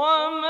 我们。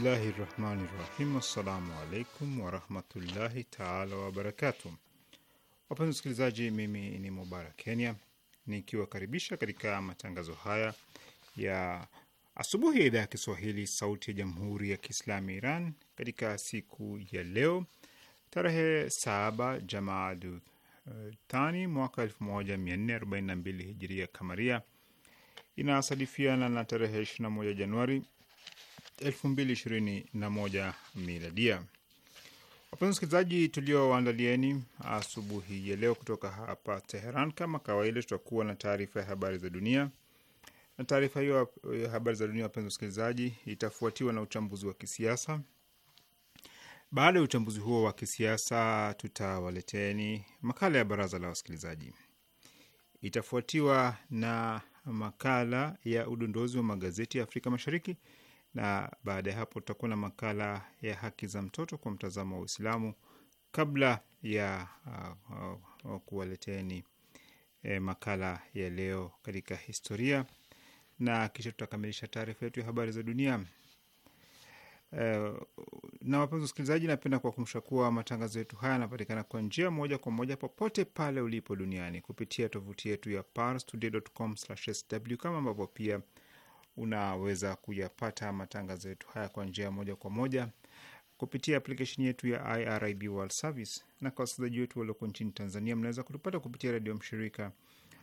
Bismillahi rahmani rahim. Assalamu alaikum warahmatullahi taala wabarakatu. Wapenzi wasikilizaji, mimi ni Mubarak Kenya nikiwakaribisha katika matangazo haya ya asubuhi ya idhaa ya Kiswahili sauti ya jamhuri ya Kiislamu Iran katika siku ya leo tarehe saba Jamaadu eh, Thani mwaka mbili hijiria kamaria inasadifiana na tarehe moja Januari elfu mbili ishirini na moja miladia. Wapenzi wasikilizaji, tuliowaandalieni asubuhi ya leo kutoka hapa Teheran, kama kawaida, tutakuwa na taarifa ya habari za dunia na taarifa hiyo ya eh, habari za dunia, wapenzi wasikilizaji, itafuatiwa na uchambuzi wa kisiasa. Baada ya uchambuzi huo wa kisiasa, tutawaleteni makala ya baraza la wasikilizaji, itafuatiwa na makala ya udondozi wa magazeti ya Afrika Mashariki na baada ya hapo tutakuwa na makala ya haki za mtoto kwa mtazamo wa Uislamu kabla ya uh, uh, kuwaleteni eh, makala ya leo katika historia, na kisha tutakamilisha taarifa yetu ya habari za dunia. Uh, na wapenzi wasikilizaji, napenda kuwakumbusha kuwa matangazo yetu haya yanapatikana kwa njia moja kwa moja popote pale ulipo duniani kupitia tovuti yetu ya parstoday.com/sw kama ambavyo pia unaweza kuyapata matangazo yetu haya kwa njia moja kwa moja kupitia aplikesheni yetu ya IRIB World Service, na kwa wasikilizaji wetu walioko nchini Tanzania, mnaweza kutupata kupitia redio mshirika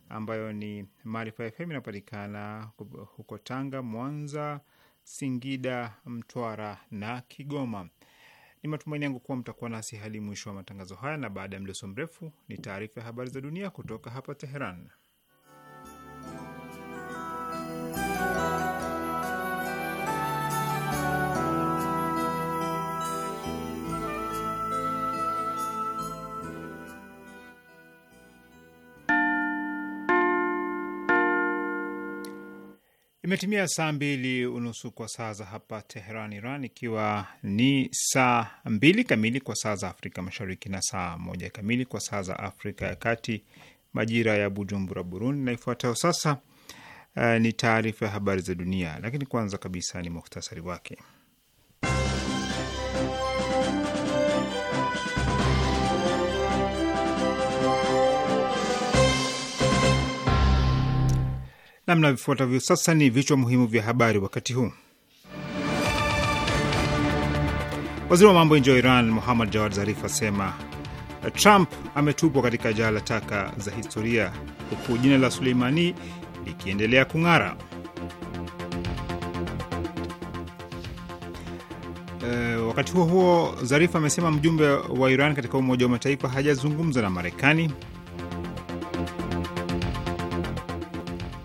ambayo ni Maarifa FM, inapatikana huko Tanga, Mwanza, Singida, Mtwara na Kigoma. Ni matumaini yangu kuwa mtakuwa nasi hadi mwisho wa matangazo haya, na baada ya mdoso mrefu ni taarifa ya habari za dunia kutoka hapa Teheran. Imetimia saa mbili unusu kwa saa za hapa Teheran, Iran, ikiwa ni saa mbili kamili kwa saa za Afrika Mashariki na saa moja kamili kwa saa za Afrika ya Kati, majira ya Bujumbura, Burundi. Na ifuatayo sasa uh, ni taarifa ya habari za dunia, lakini kwanza kabisa ni muhtasari wake. na vyo sasa. Ni vichwa muhimu vya habari wakati huu. Waziri wa mambo ya nje wa Iran Muhammad Jawad Zarif asema Trump ametupwa katika jaa la taka za historia, huku jina la Suleimani likiendelea kung'ara. E, wakati huo huo, Zarif amesema mjumbe wa Iran katika Umoja wa Mataifa hajazungumza na Marekani.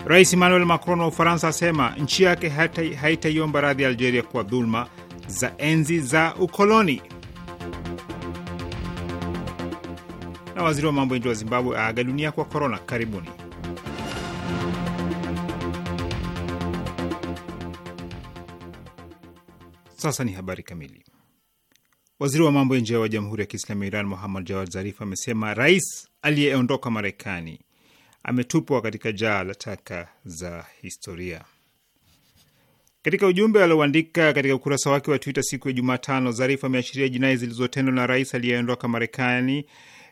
Rais Emmanuel Macron wa Ufaransa asema nchi yake haitaiomba radhi ya Algeria kwa dhuluma za enzi za ukoloni. Na waziri wa mambo ya nje wa Zimbabwe aaga dunia kwa korona. Karibuni. Sasa ni habari kamili. Waziri wa mambo ya nje wa Jamhuri ya Kiislamu ya Iran Muhammad Jawad Zarif amesema rais aliyeondoka Marekani ametupwa katika jaa la taka za historia. Katika ujumbe alioandika katika ukurasa wake wa Twitter siku ya Jumatano, Zarif ameashiria jinai zilizotendwa na rais aliyeondoka Marekani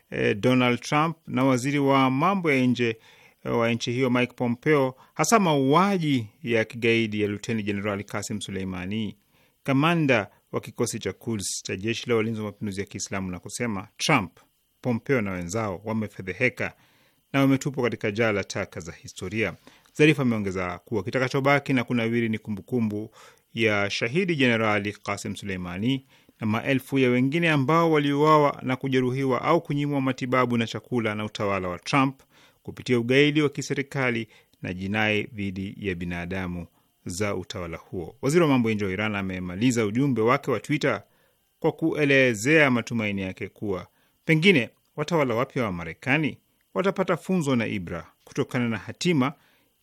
eh, Donald Trump na waziri wa mambo ya nje eh, wa nchi hiyo Mike Pompeo, hasa mauaji ya kigaidi ya luteni jenerali Kasim Suleimani, kamanda wa kikosi cha Quds cha jeshi la walinzi wa mapinduzi ya Kiislamu, na kusema Trump, Pompeo na wenzao wamefedheheka na wametupwa katika jaa la taka za historia. Zarif ameongeza kuwa kitakachobaki na kunawiri ni kumbukumbu ya shahidi Jenerali Kasim Suleimani na maelfu ya wengine ambao waliuawa na kujeruhiwa au kunyimwa matibabu na chakula na utawala wa Trump kupitia ugaidi wa kiserikali na jinai dhidi ya binadamu za utawala huo. Waziri wa mambo ya nje wa Iran amemaliza ujumbe wake wa Twitter kwa kuelezea matumaini yake kuwa pengine watawala wapya wa Marekani watapata funzo na ibra kutokana na hatima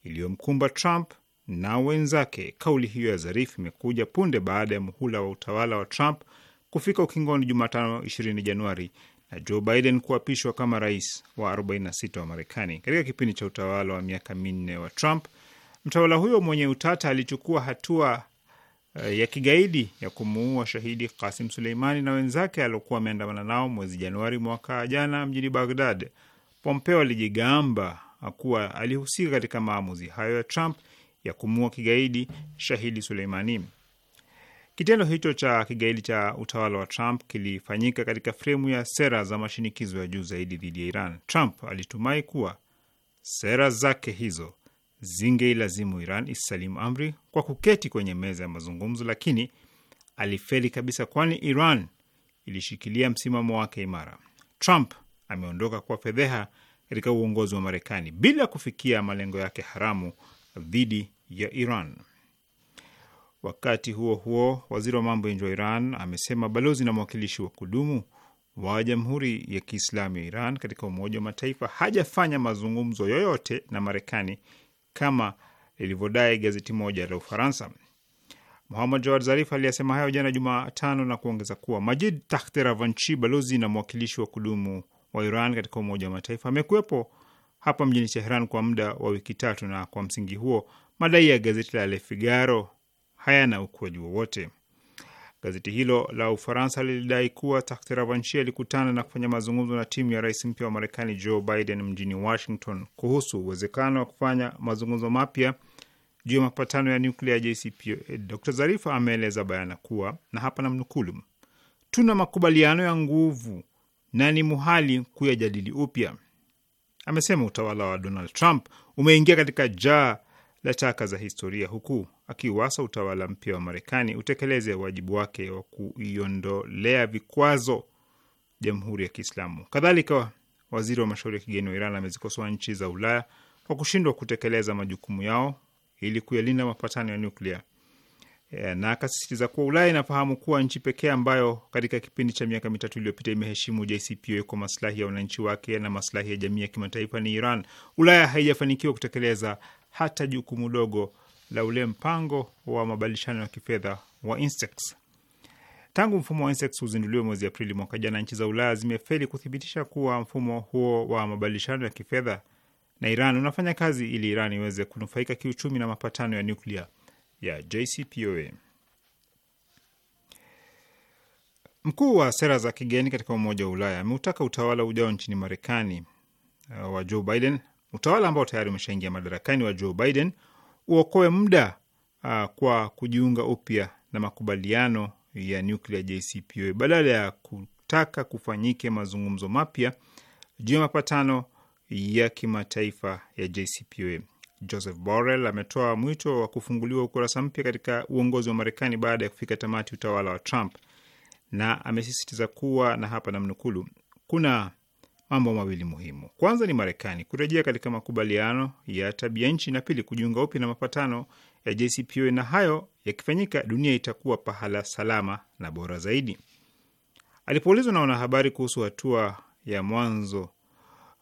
iliyomkumba Trump na wenzake. Kauli hiyo ya Zarif imekuja punde baada ya muhula wa utawala wa Trump kufika ukingoni Jumatano 20 Januari na Joe Biden kuapishwa kama rais wa 46 wa Marekani. Katika kipindi cha utawala wa miaka minne wa Trump, mtawala huyo mwenye utata alichukua hatua eh, ya kigaidi ya kumuua shahidi Kasim Suleimani na wenzake aliokuwa ameandamana nao mwezi Januari mwaka jana mjini Baghdad. Pompeo alijigamba kuwa alihusika katika maamuzi hayo ya Trump ya kumua kigaidi shahidi Suleimani. Kitendo hicho cha kigaidi cha utawala wa Trump kilifanyika katika fremu ya sera za mashinikizo ya juu zaidi dhidi ya Iran. Trump alitumai kuwa sera zake hizo zingeilazimu Iran isalimu amri kwa kuketi kwenye meza ya mazungumzo, lakini alifeli kabisa, kwani Iran ilishikilia msimamo wake imara. Trump ameondoka kwa fedheha katika uongozi wa Marekani bila kufikia malengo yake haramu dhidi ya Iran. Wakati huo huo, waziri wa mambo ya nje wa Iran amesema balozi na mwakilishi wa kudumu wa Jamhuri ya Kiislamu ya Iran katika Umoja wa Mataifa hajafanya mazungumzo yoyote na Marekani kama lilivyodai gazeti moja la Ufaransa. Muhamad Jawad Zarif aliyasema hayo jana Jumatano na kuongeza kuwa Majid Tahteravanchi, balozi na mwakilishi wa kudumu wa Iran katika Umoja wa Mataifa amekuwepo hapa mjini Teheran kwa muda wa wiki tatu, na kwa msingi huo madai ya gazeti la Le Figaro hayana ukweli wowote. Gazeti hilo la Ufaransa lilidai kuwa Takht Ravanshi alikutana na kufanya mazungumzo na timu ya rais mpya wa Marekani Joe Biden mjini Washington kuhusu uwezekano wa kufanya mazungumzo mapya juu ya mapatano ya nuklia ya JCPOA. Dr Zarifa ameeleza bayana kuwa na hapa namnukulu, tuna makubaliano ya nguvu na ni muhali kuyajadili upya. Amesema utawala wa Donald Trump umeingia katika jaa la taka za historia, huku akiuasa utawala mpya wa Marekani utekeleze wajibu wake wa kuiondolea vikwazo Jamhuri ya Kiislamu. Kadhalika, waziri wa mashauri ya kigeni wa Iran amezikosoa nchi za Ulaya kwa kushindwa kutekeleza majukumu yao ili kuyalinda mapatano ya nuklia. E, na akasisitiza kuwa Ulaya inafahamu kuwa nchi pekee ambayo katika kipindi cha miaka mitatu iliyopita imeheshimu JCPOA kwa maslahi ya wananchi wake na maslahi ya jamii ya kimataifa ni Iran. Ulaya haijafanikiwa kutekeleza hata jukumu dogo la ule mpango wa mabadilishano ya kifedha wa INSTEX. Tangu mfumo wa INSTEX uzinduliwe mwezi Aprili mwaka jana, nchi za Ulaya zimefeli kuthibitisha kuwa mfumo huo wa mabadilishano ya kifedha na Iran unafanya kazi ili Iran iweze kunufaika kiuchumi na mapatano ya nuklia ya JCPOA. Mkuu wa sera za kigeni katika Umoja wa Ulaya ameutaka utawala ujao nchini Marekani uh, wa Joe Biden, utawala ambao tayari umeshaingia madarakani wa Joe Biden, uokoe muda uh, kwa kujiunga upya na makubaliano ya nuklia JCPOA badala ya kutaka kufanyike mazungumzo mapya juu ya mapatano ya kimataifa ya JCPOA. Joseph Borrell ametoa mwito wa kufunguliwa ukurasa mpya katika uongozi wa Marekani baada ya kufika tamati utawala wa Trump, na amesisitiza kuwa na hapa namnukulu, kuna mambo mawili muhimu. Kwanza ni Marekani kurejea katika makubaliano ya tabia nchi, na pili kujiunga upya na mapatano ya JCPOA, na hayo yakifanyika, dunia itakuwa pahala salama na bora zaidi. Alipoulizwa na wanahabari kuhusu hatua ya mwanzo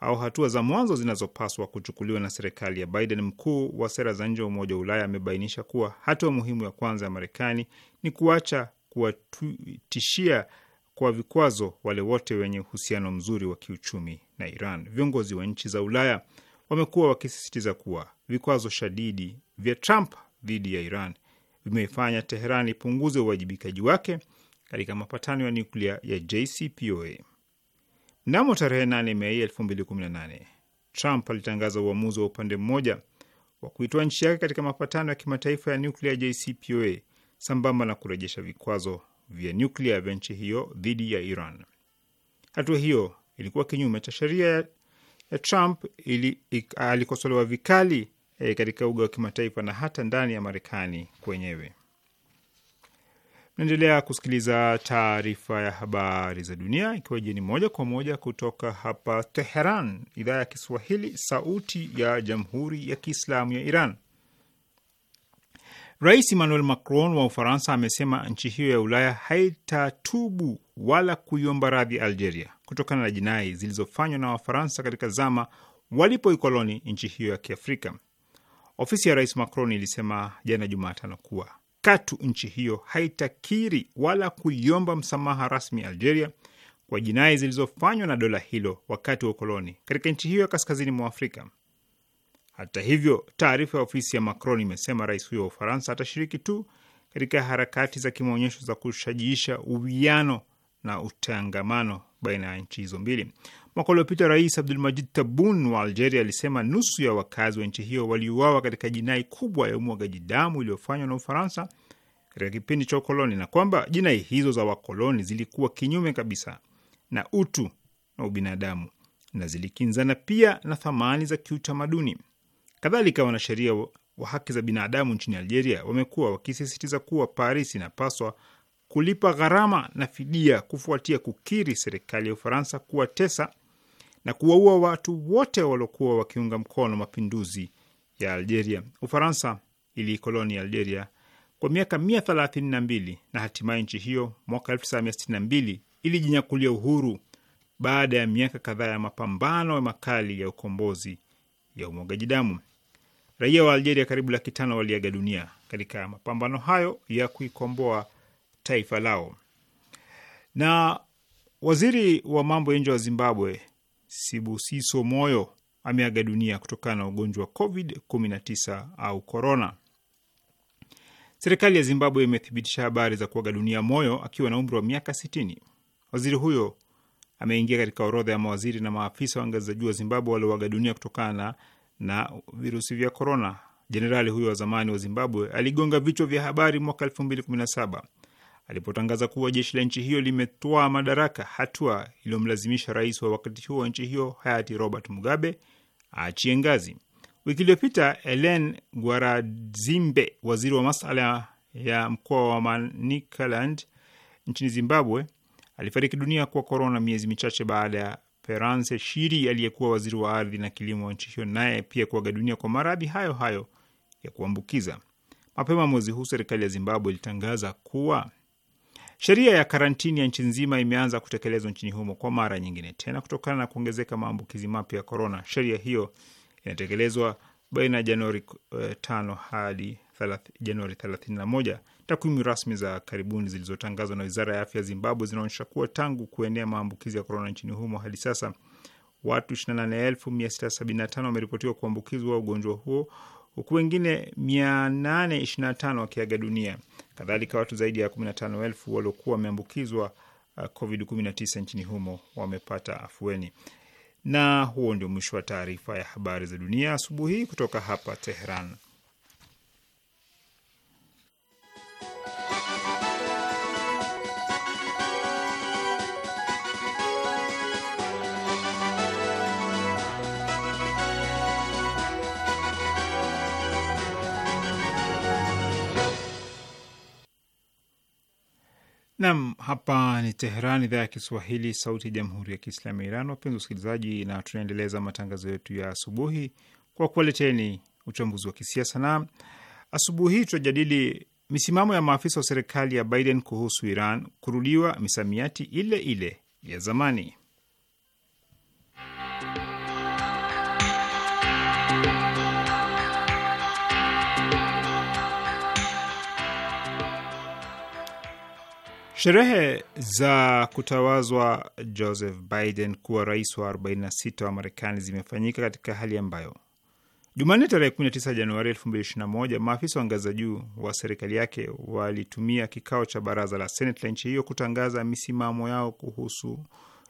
au hatua za mwanzo zinazopaswa kuchukuliwa na serikali ya Biden. Mkuu wa sera za nje wa Umoja wa Ulaya amebainisha kuwa hatua muhimu ya kwanza ya Marekani ni kuacha kuwatishia kwa vikwazo wale wote wenye uhusiano mzuri wa kiuchumi na Iran. Viongozi wa nchi za Ulaya wamekuwa wakisisitiza kuwa vikwazo shadidi vya Trump dhidi ya Iran vimefanya Teheran ipunguze uwajibikaji wake katika mapatano ya nyuklia ya JCPOA. Mnamo tarehe 8 Mei 2018 Trump alitangaza uamuzi wa upande mmoja wa kuitoa nchi yake katika mapatano ya kimataifa ya nuklia JCPOA sambamba na kurejesha vikwazo vya nuklia vya nchi hiyo dhidi ya Iran. Hatua hiyo ilikuwa kinyume cha sheria ya Trump. Alikosolewa vikali eh, katika uga wa kimataifa na hata ndani ya Marekani kwenyewe. Naendelea kusikiliza taarifa ya habari za dunia, ikiwa jeni moja kwa moja kutoka hapa Teheran, idhaa ya Kiswahili, sauti ya jamhuri ya kiislamu ya Iran. Rais Emmanuel Macron wa Ufaransa amesema nchi hiyo ya Ulaya haitatubu wala kuiomba radhi Algeria kutokana na jinai zilizofanywa na Wafaransa katika zama walipoikoloni nchi hiyo ya Kiafrika. Ofisi ya rais Macron ilisema jana Jumatano kuwa katu nchi hiyo haitakiri wala kuiomba msamaha rasmi Algeria kwa jinai zilizofanywa na dola hilo wakati wa ukoloni katika nchi hiyo ya kaskazini mwa Afrika. Hata hivyo, taarifa ya ofisi ya Macron imesema rais huyo wa Ufaransa atashiriki tu katika harakati za kimaonyesho za kushajiisha uwiano na utangamano baina ya nchi hizo mbili. Mwaka uliopita Rais Abdulmajid Tabun wa Algeria alisema nusu ya wakazi wa nchi hiyo waliuawa katika jinai kubwa ya umwagaji damu iliyofanywa na Ufaransa katika kipindi cha ukoloni na kwamba jinai hizo za wakoloni zilikuwa kinyume kabisa na utu na ubinadamu na zilikinzana pia na thamani za kiutamaduni. Kadhalika, wanasheria wa haki za binadamu nchini Algeria wamekuwa wakisisitiza kuwa Paris inapaswa kulipa gharama na fidia kufuatia kukiri serikali ya Ufaransa kuwatesa na kuwaua watu wote waliokuwa wakiunga mkono mapinduzi ya Algeria. Ufaransa iliikoloni Algeria kwa miaka mia thelathini na mbili na hatimaye nchi hiyo mwaka mbili ilijinyakulia uhuru baada ya miaka kadhaa ya mapambano makali ya ukombozi ya umwagaji damu. Raia wa Algeria karibu laki tano waliaga dunia katika mapambano hayo ya kuikomboa taifa lao. Na waziri wa mambo ya nje wa Zimbabwe Sibusiso Moyo ameaga dunia kutokana na ugonjwa wa COVID-19 au korona. Serikali ya Zimbabwe imethibitisha habari za kuaga dunia Moyo akiwa na umri wa miaka 60. Waziri huyo ameingia katika orodha ya mawaziri na maafisa wa ngazi za juu wa Zimbabwe walioaga dunia kutokana na virusi vya korona. Jenerali huyo wa zamani wa Zimbabwe aligonga vichwa vya habari mwaka 2017 alipotangaza kuwa jeshi la nchi hiyo limetoa madaraka, hatua iliyomlazimisha rais wa wakati huo wa nchi hiyo hayati Robert Mugabe aachie ngazi. Wiki iliyopita Elen guarazimbe waziri wa masala ya mkoa wa Manicaland nchini Zimbabwe, alifariki dunia kwa korona miezi michache baada ya Perance Shiri aliyekuwa waziri wa ardhi na kilimo wa nchi hiyo naye pia kuaga dunia kwa maradhi hayo hayo ya kuambukiza. Mapema mwezi huu serikali ya Zimbabwe ilitangaza kuwa Sheria ya karantini ya nchi nzima imeanza kutekelezwa nchini humo kwa mara nyingine tena kutokana na kuongezeka maambukizi mapya ya korona. Sheria hiyo inatekelezwa baina ya Januari uh, hadi Januari 31. Takwimu rasmi za karibuni zilizotangazwa na wizara ya afya Zimbabwe zinaonyesha kuwa tangu kuenea maambukizi ya korona nchini humo hadi sasa watu 28675 wameripotiwa kuambukizwa ugonjwa huo huku wengine 825 wakiaga dunia. Kadhalika, watu zaidi ya 15,000 waliokuwa wameambukizwa uh, COVID-19 nchini humo wamepata afueni. Na huo ndio mwisho wa taarifa ya habari za dunia asubuhi kutoka hapa Tehran. Nam, hapa ni Teheran, idhaa ya Kiswahili, sauti ya jamhuri ya kiislamu ya Iran. Wapenzi wasikilizaji, na tunaendeleza matangazo yetu ya asubuhi kwa kuwaleteni uchambuzi wa kisiasa, na asubuhi hii tutajadili misimamo ya maafisa wa serikali ya Biden kuhusu Iran, kurudiwa misamiati ile ile ya zamani. Sherehe za kutawazwa Joseph Biden kuwa rais wa 46 wa Marekani zimefanyika katika hali ambayo Jumanne tarehe 19 Januari 2021 maafisa wa ngazi za juu wa serikali yake walitumia kikao cha baraza la Senate la nchi hiyo kutangaza misimamo yao kuhusu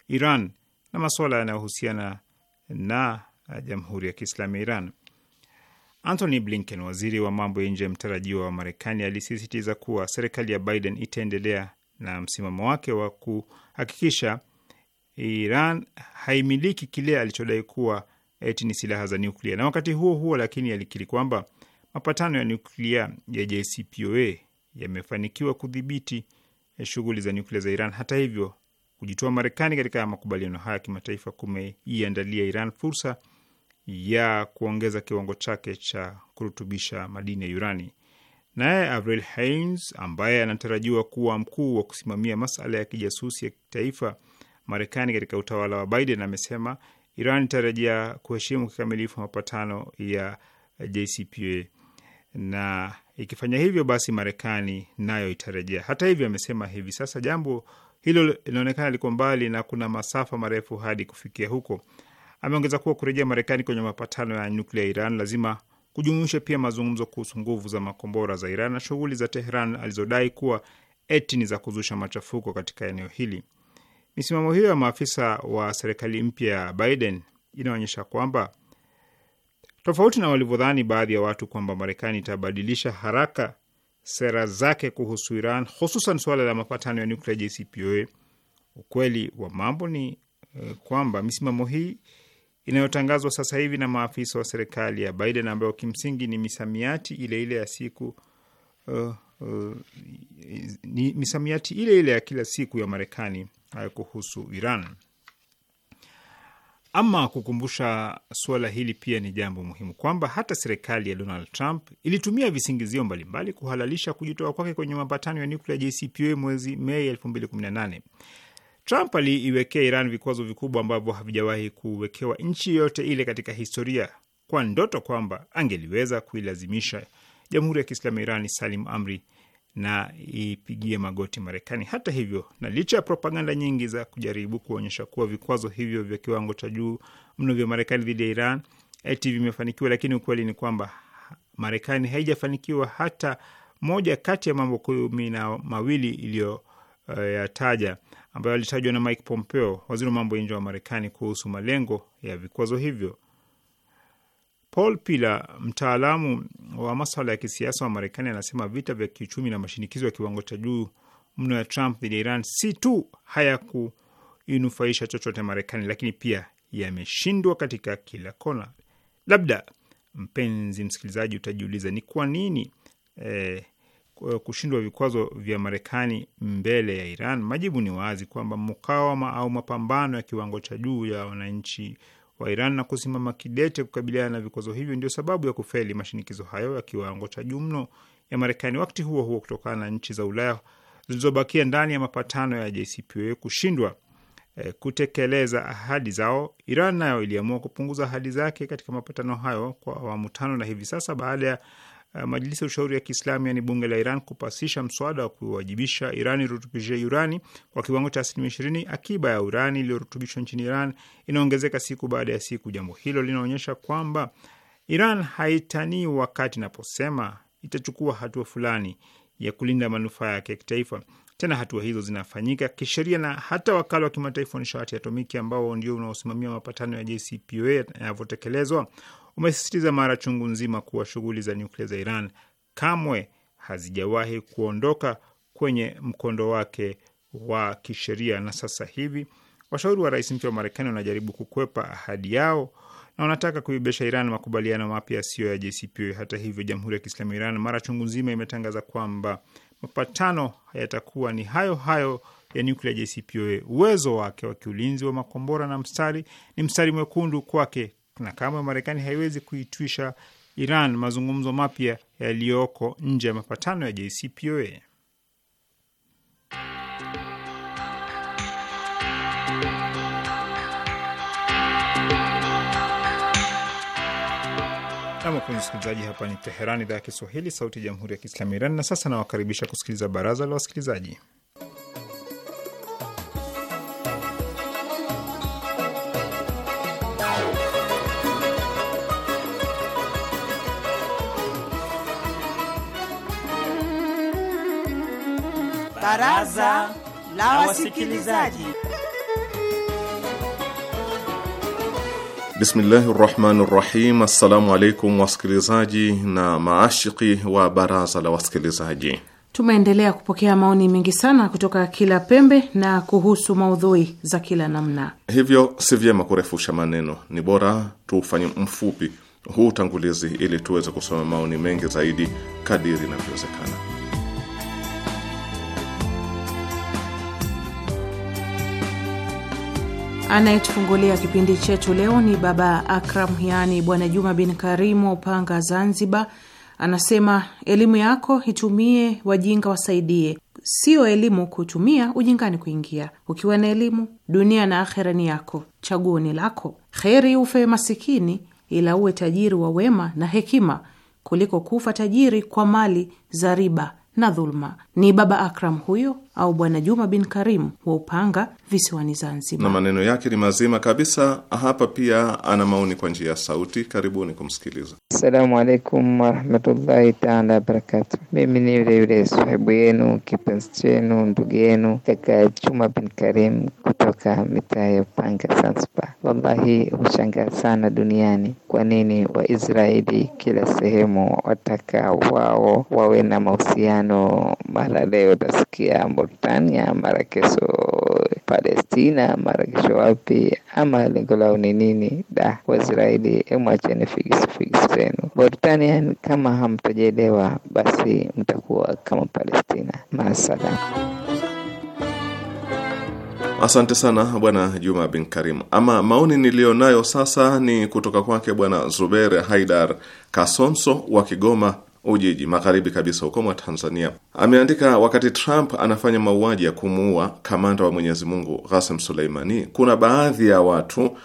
Iran na masuala yanayohusiana na, na Jamhuri ya Kiislamu ya Iran. Anthony Blinken, waziri wa mambo ya nje mtarajiwa wa Marekani, alisisitiza kuwa serikali ya Biden itaendelea na msimamo wake wa kuhakikisha Iran haimiliki kile alichodai kuwa eti ni silaha za nuklia na wakati huo huo lakini alikiri kwamba mapatano ya nuklia ya JCPOA yamefanikiwa kudhibiti eh, shughuli za nyuklia za Iran. Hata hivyo, kujitoa Marekani katika makubaliano haya ya kimataifa kumeiandalia Iran fursa ya kuongeza kiwango chake cha kurutubisha madini ya urani. Naye Avril Haines ambaye anatarajiwa kuwa mkuu wa kusimamia masala ya kijasusi ya kitaifa Marekani katika utawala wa Biden amesema Iran itarajia kuheshimu kikamilifu mapatano ya JCPOA na ikifanya hivyo basi Marekani nayo itarejea. Hata hivyo, amesema hivi sasa jambo hilo linaonekana liko mbali na kuna masafa marefu hadi kufikia huko. Ameongeza kuwa kurejea Marekani kwenye mapatano ya nyuklia ya Iran lazima kujumuisha pia mazungumzo kuhusu nguvu za makombora za Iran na shughuli za Tehran alizodai kuwa eti ni za kuzusha machafuko katika eneo hili. Misimamo hiyo ya maafisa wa serikali mpya ya Biden inaonyesha kwamba tofauti na walivyodhani baadhi ya watu kwamba Marekani itabadilisha haraka sera zake kuhusu Iran, hususan suala la mapatano ya nuklia JCPOA, ukweli wa mambo ni eh, kwamba misimamo hii inayotangazwa sasa hivi na maafisa wa serikali ya Biden ambayo kimsingi ni misamiati ile ile ya siku uh, uh, ni misamiati ile ile ya kila siku ya Marekani uh, kuhusu Iran. Ama kukumbusha suala hili pia ni jambo muhimu kwamba hata serikali ya Donald Trump ilitumia visingizio mbalimbali kuhalalisha kujitoa kwake kwenye mapatano ya nuklia JCPOA e mwezi Mei 2018. Trump aliiwekea Iran vikwazo vikubwa ambavyo havijawahi kuwekewa nchi yoyote ile katika historia kwa ndoto kwamba angeliweza kuilazimisha Jamhuri ya Kiislamu ya Iran isalim amri na ipigie magoti Marekani. Hata hivyo, na licha ya propaganda nyingi za kujaribu kuonyesha kuwa vikwazo hivyo vya kiwango cha juu mno vya Marekani dhidi ya Iran eti eh, vimefanikiwa, lakini ukweli ni kwamba Marekani haijafanikiwa hata moja kati ya mambo kumi na mawili iliyoyataja. Eh, uh, ambayo alitajwa na Mike Pompeo, waziri wa mambo ya nje wa Marekani, kuhusu malengo ya vikwazo hivyo. Paul Pillar, mtaalamu wa maswala ya kisiasa wa Marekani, anasema vita vya kiuchumi na mashinikizo ya kiwango cha juu mno ya Trump dhidi ya Iran si tu hayakuinufaisha chochote Marekani, lakini pia yameshindwa katika kila kona. Labda mpenzi msikilizaji, utajiuliza ni kwa nini eh, Eh, kushindwa vikwazo vya Marekani mbele ya Iran, majibu ni wazi kwamba mukawama au mapambano ya kiwango cha juu ya wananchi wa Iran na kusimama kidete kukabiliana na vikwazo hivyo ndio sababu ya kufeli mashinikizo hayo ya kiwango cha juu mno ya Marekani. Wakati huo huo, kutokana na nchi za Ulaya zilizobakia ndani ya mapatano ya JCPOA kushindwa eh, kutekeleza ahadi zao, Iran nayo iliamua kupunguza ahadi zake katika mapatano hayo kwa awamu tano, na hivi sasa baada ya Uh, Majlisi ya Ushauri ya Kiislamu, yaani bunge la Iran, kupasisha mswada wa kuwajibisha Iran irutubishe urani kwa kiwango cha asilimia ishirini. Akiba ya urani iliyorutubishwa nchini Iran inaongezeka siku baada ya siku. Jambo hilo linaonyesha kwamba Iran haitanii wakati inaposema itachukua hatua fulani ya kulinda manufaa yake ya kitaifa. Tena hatua hizo zinafanyika kisheria na hata wakala wa kimataifa wa nishati ya atomiki ambao ndio unaosimamia mapatano ya JCPOA yanavyotekelezwa umesisitiza mara chungu nzima kuwa shughuli za nyuklia za Iran kamwe hazijawahi kuondoka kwenye mkondo wake wa kisheria, na sasa hivi washauri wa rais mpya wa Marekani wanajaribu kukwepa ahadi yao na wanataka kuibesha Iran makubaliano mapya yasiyo ya JCPOA. Hata hivyo, Jamhuri ya Kiislamu ya Iran mara chungu nzima imetangaza kwamba mapatano yatakuwa ni hayo hayo ya nuklia JCPOA. Uwezo wake wa kiulinzi wa makombora na mstari ni mstari mwekundu kwake na kama Marekani haiwezi kuitwisha Iran mazungumzo mapya yaliyoko nje ya mapatano ya JCPOA. Namwapenzi msikilizaji, hapa ni Teheran, idhaa ya Kiswahili, sauti ya jamhuri ya kiislamu ya Iran. Na sasa nawakaribisha kusikiliza baraza la wasikilizaji. Baraza la Wasikilizaji. Bismillahi rahmani rahim. Assalamu alaikum wasikilizaji na maashiki wa baraza la wasikilizaji. Tumeendelea kupokea maoni mengi sana kutoka kila pembe na kuhusu maudhui za kila namna, hivyo si vyema kurefusha maneno, ni bora tuufanye mfupi huu utangulizi ili tuweze kusoma maoni mengi zaidi kadiri inavyowezekana. Anayetufungulia kipindi chetu leo ni Baba Akram, yaani Bwana Juma bin Karimu wa Upanga, Zanzibar. Anasema elimu yako itumie, wajinga wasaidie, sio elimu kutumia ujingani kuingia. Ukiwa na elimu, dunia na akhera ni yako, chaguo ni lako. Kheri ufe masikini, ila uwe tajiri wa wema na hekima, kuliko kufa tajiri kwa mali za riba na dhuluma. Ni Baba Akram huyo au Bwana Juma bin Karim wa Upanga visiwani Zanzibar, na maneno yake ni mazima kabisa. Hapa pia ana maoni kwa njia ya sauti, karibuni kumsikiliza. Assalamu alaikum warahmatullahi taala wabarakatu. Mimi ni yule yule sahibu yenu kipenzi chenu ndugu yenu kaka Chuma bin Karim kutoka mitaa ya Upanga, Zanzibar. Wallahi hushangaa sana duniani kwa nini Waisraeli kila sehemu wataka wao wawe na mahusiano, mara leo utasikia Mauritania, mara kesho Palestina maregesho wapi? Ama lengo lao ni nini? Da, Waisraeli emwacheni figisi figisi zenu. Britania, kama hamtajelewa basi mtakuwa kama Palestina. Maasalam. Asante sana Bwana Juma bin Karim. Ama maoni niliyonayo sasa ni kutoka kwake Bwana Zubere Haidar Kasonso wa Kigoma Ujiji, magharibi kabisa huko mwa Tanzania. Ameandika, wakati Trump anafanya mauaji ya kumuua kamanda wa Mwenyezi Mungu Suleimani, kuna baadhi ya watu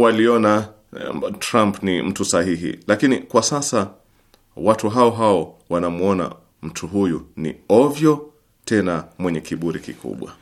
waliona eh, Trump ni mtu sahihi, lakini kwa sasa watu hao hao wanamwona mtu huyu ni ovyo, tena mwenye kiburi kikubwa.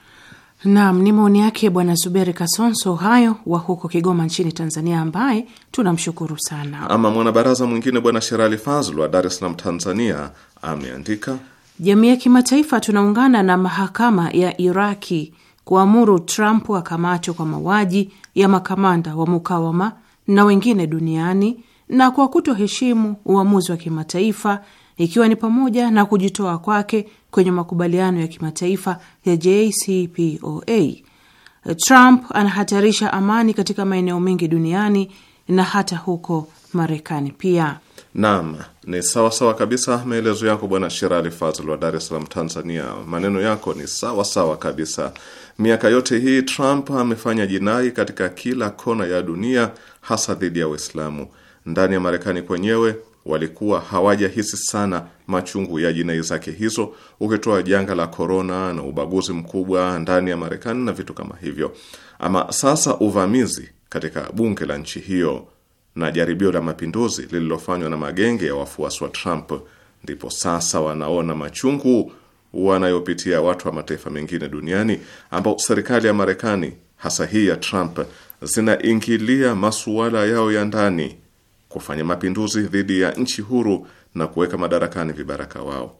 Naam, ni maoni yake Bwana Zuberi Kasonso hayo wa huko Kigoma nchini Tanzania, ambaye tunamshukuru sana. Ama mwanabaraza mwingine Bwana Sherali Fazl wa Dar es Salaam, Tanzania, ameandika jamii ya kimataifa tunaungana na mahakama ya Iraki kuamuru Trump akamatwe kwa mauaji ya makamanda wa mukawama na wengine duniani na kwa kutoheshimu uamuzi wa kimataifa ikiwa ni pamoja na kujitoa kwake kwenye makubaliano ya kimataifa ya JCPOA. Trump anahatarisha amani katika maeneo mengi duniani na hata huko Marekani pia. Naam, ni sawa sawa kabisa maelezo yako Bwana Shirali Fazl wa Dar es Salaam, Tanzania. Maneno yako ni sawa sawa kabisa. Miaka yote hii Trump amefanya jinai katika kila kona ya dunia, hasa dhidi ya Waislamu. Ndani ya Marekani kwenyewe walikuwa hawajahisi sana machungu ya jinai zake hizo, ukitoa janga la korona na ubaguzi mkubwa ndani ya Marekani na vitu kama hivyo. Ama sasa uvamizi katika bunge la nchi hiyo na jaribio la mapinduzi lililofanywa na magenge ya wafuasi wa Trump, ndipo sasa wanaona machungu wanayopitia watu wa mataifa mengine duniani ambao serikali ya Marekani hasa hii ya Trump zinaingilia masuala yao ya ndani kufanya mapinduzi dhidi ya nchi huru na kuweka madarakani vibaraka wao.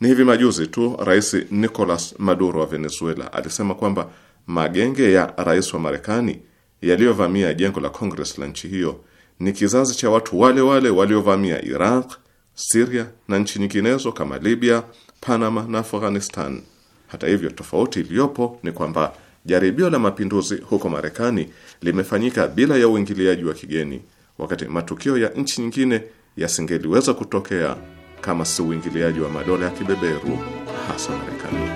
Ni hivi majuzi tu Rais Nicolas Maduro wa Venezuela alisema kwamba magenge ya rais wa Marekani yaliyovamia jengo la Congress la nchi hiyo ni kizazi cha watu wale wale waliovamia Iraq, Siria na nchi nyinginezo kama Libya, Panama na Afghanistan. Hata hivyo, tofauti iliyopo ni kwamba jaribio la mapinduzi huko Marekani limefanyika bila ya uingiliaji wa kigeni wakati matukio ya nchi nyingine yasingeliweza kutokea kama si uingiliaji wa madola ya kibeberu hasa Marekani.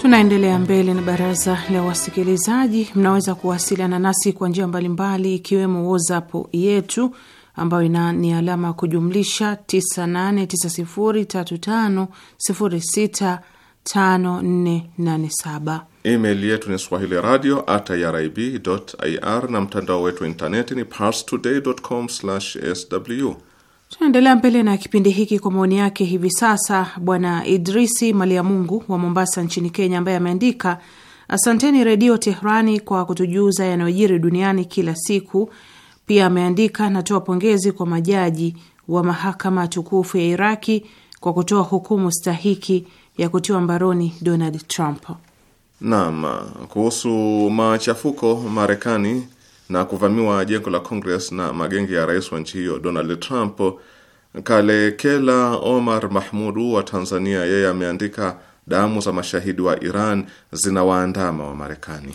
Tunaendelea mbele na baraza la wasikilizaji. Mnaweza kuwasiliana nasi kwa njia mbalimbali, ikiwemo WhatsApp yetu ambayo ina ni alama ya kujumlisha 989035065487. Email yetu ni swahili radio at irib ir, na mtandao wetu wa intaneti ni parstoday.com sw. Tunaendelea mbele na kipindi hiki kwa maoni yake hivi sasa, Bwana Idrisi Malia Mungu wa Mombasa nchini Kenya, ambaye ameandika asanteni Redio Tehrani kwa kutujuza yanayojiri duniani kila siku pia ameandika anatoa pongezi kwa majaji wa mahakama tukufu ya Iraki kwa kutoa hukumu stahiki ya kutiwa mbaroni Donald Trump. Naam, kuhusu machafuko Marekani na kuvamiwa jengo la Congress na magenge ya rais wa nchi hiyo Donald Trump, Kalekela Omar Mahmudu wa Tanzania, yeye ameandika damu za mashahidi wa Iran zinawaandama wa Marekani.